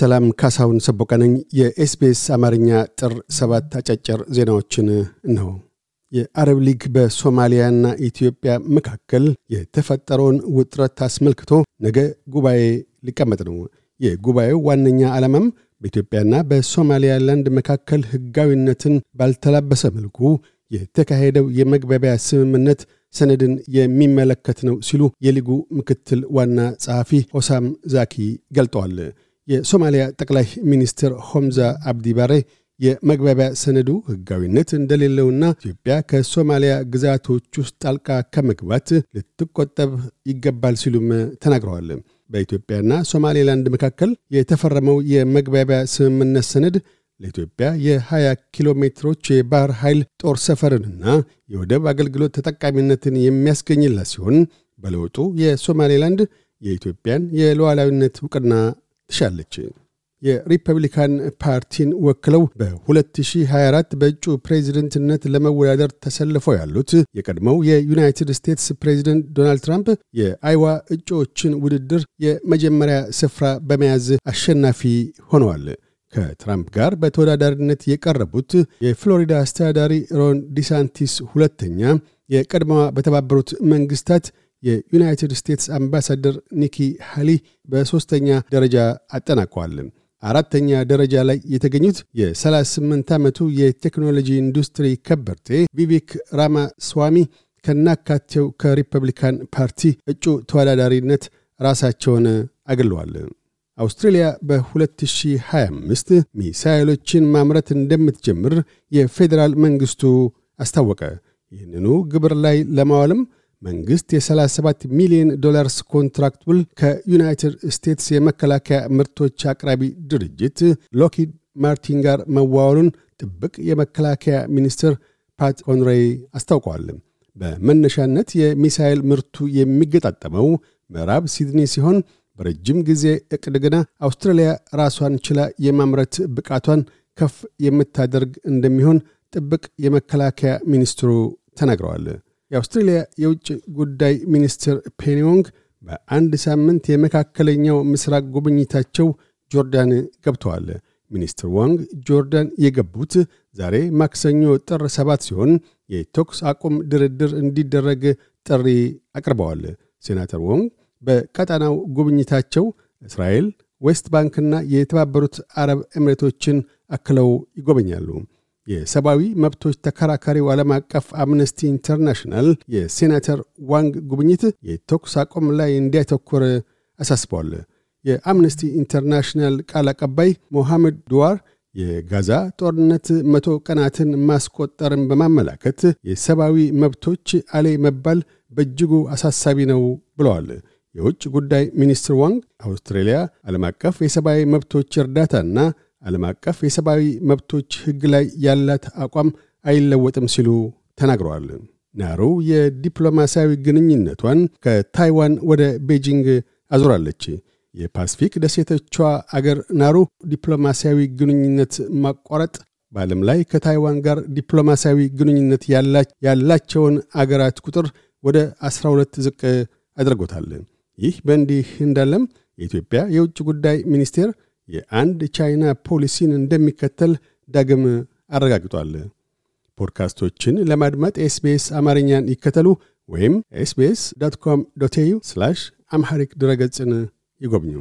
ሰላም ካሳውን ሰቦቃነኝ የኤስቢኤስ አማርኛ ጥር ሰባት አጫጭር ዜናዎችን ነው። የአረብ ሊግ በሶማሊያና ኢትዮጵያ መካከል የተፈጠረውን ውጥረት አስመልክቶ ነገ ጉባኤ ሊቀመጥ ነው። የጉባኤው ዋነኛ ዓላማም በኢትዮጵያና በሶማሊያላንድ መካከል ህጋዊነትን ባልተላበሰ መልኩ የተካሄደው የመግባቢያ ስምምነት ሰነድን የሚመለከት ነው ሲሉ የሊጉ ምክትል ዋና ጸሐፊ ሆሳም ዛኪ ገልጠዋል። የሶማሊያ ጠቅላይ ሚኒስትር ሆምዛ አብዲ ባሬ የመግባቢያ ሰነዱ ህጋዊነት እንደሌለውና ኢትዮጵያ ከሶማሊያ ግዛቶች ውስጥ ጣልቃ ከመግባት ልትቆጠብ ይገባል ሲሉም ተናግረዋል። በኢትዮጵያና ሶማሌላንድ መካከል የተፈረመው የመግባቢያ ስምምነት ሰነድ ለኢትዮጵያ የ20 ኪሎ ሜትሮች የባህር ኃይል ጦር ሰፈርንና የወደብ አገልግሎት ተጠቃሚነትን የሚያስገኝላት ሲሆን በለውጡ የሶማሌላንድ የኢትዮጵያን የሉዓላዊነት እውቅና ትሻለች። የሪፐብሊካን ፓርቲን ወክለው በ2024 በእጩ ፕሬዚደንትነት ለመወዳደር ተሰልፈው ያሉት የቀድሞው የዩናይትድ ስቴትስ ፕሬዚደንት ዶናልድ ትራምፕ የአይዋ እጩዎችን ውድድር የመጀመሪያ ስፍራ በመያዝ አሸናፊ ሆነዋል። ከትራምፕ ጋር በተወዳዳሪነት የቀረቡት የፍሎሪዳ አስተዳዳሪ ሮን ዲሳንቲስ ሁለተኛ፣ የቀድሞዋ በተባበሩት መንግስታት የዩናይትድ ስቴትስ አምባሳደር ኒኪ ሃሊ በሦስተኛ ደረጃ አጠናቋል። አራተኛ ደረጃ ላይ የተገኙት የ38 ዓመቱ የቴክኖሎጂ ኢንዱስትሪ ከበርቴ ቪቪክ ራማ ስዋሚ ከናካቴው ከሪፐብሊካን ፓርቲ እጩ ተወዳዳሪነት ራሳቸውን አግለዋል። አውስትሬልያ በ2025 ሚሳይሎችን ማምረት እንደምትጀምር የፌዴራል መንግሥቱ አስታወቀ። ይህንኑ ግብር ላይ ለማዋልም መንግስት የ37 ሚሊዮን ዶላርስ ኮንትራክት ውል ከዩናይትድ ስቴትስ የመከላከያ ምርቶች አቅራቢ ድርጅት ሎኪድ ማርቲን ጋር መዋወሉን ጥብቅ የመከላከያ ሚኒስትር ፓት ኮንሬይ አስታውቀዋል። በመነሻነት የሚሳኤል ምርቱ የሚገጣጠመው ምዕራብ ሲድኒ ሲሆን በረጅም ጊዜ እቅድ ግና አውስትራሊያ ራሷን ችላ የማምረት ብቃቷን ከፍ የምታደርግ እንደሚሆን ጥብቅ የመከላከያ ሚኒስትሩ ተናግረዋል። የአውስትሬልያ የውጭ ጉዳይ ሚኒስትር ፔኒዮንግ በአንድ ሳምንት የመካከለኛው ምስራቅ ጉብኝታቸው ጆርዳን ገብተዋል። ሚኒስትር ዋንግ ጆርዳን የገቡት ዛሬ ማክሰኞ ጥር ሰባት ሲሆን የቶክስ አቁም ድርድር እንዲደረግ ጥሪ አቅርበዋል። ሴናተር ዋንግ በቀጠናው ጉብኝታቸው እስራኤል፣ ዌስት ባንክና የተባበሩት አረብ እምሬቶችን አክለው ይጎበኛሉ። የሰብአዊ መብቶች ተከራካሪው ዓለም አቀፍ አምነስቲ ኢንተርናሽናል የሴናተር ዋንግ ጉብኝት የተኩስ አቁም ላይ እንዲያተኩር አሳስበዋል። የአምነስቲ ኢንተርናሽናል ቃል አቀባይ ሞሐመድ ድዋር የጋዛ ጦርነት መቶ ቀናትን ማስቆጠርን በማመላከት የሰብአዊ መብቶች አሌ መባል በእጅጉ አሳሳቢ ነው ብለዋል። የውጭ ጉዳይ ሚኒስትር ዋንግ አውስትሬልያ ዓለም አቀፍ የሰብአዊ መብቶች እርዳታና ዓለም አቀፍ የሰብአዊ መብቶች ሕግ ላይ ያላት አቋም አይለወጥም ሲሉ ተናግረዋል። ናሩ የዲፕሎማሲያዊ ግንኙነቷን ከታይዋን ወደ ቤጂንግ አዙራለች። የፓስፊክ ደሴቶቿ አገር ናሩ ዲፕሎማሲያዊ ግንኙነት ማቋረጥ በዓለም ላይ ከታይዋን ጋር ዲፕሎማሲያዊ ግንኙነት ያላቸውን አገራት ቁጥር ወደ 12 ዝቅ አድርጎታል። ይህ በእንዲህ እንዳለም የኢትዮጵያ የውጭ ጉዳይ ሚኒስቴር የአንድ ቻይና ፖሊሲን እንደሚከተል ዳግም አረጋግጧል። ፖድካስቶችን ለማድመጥ ኤስቤስ አማርኛን ይከተሉ ወይም ኤስቤስ ኮም ዩ አምሐሪክ ድረገጽን ይጎብኙ።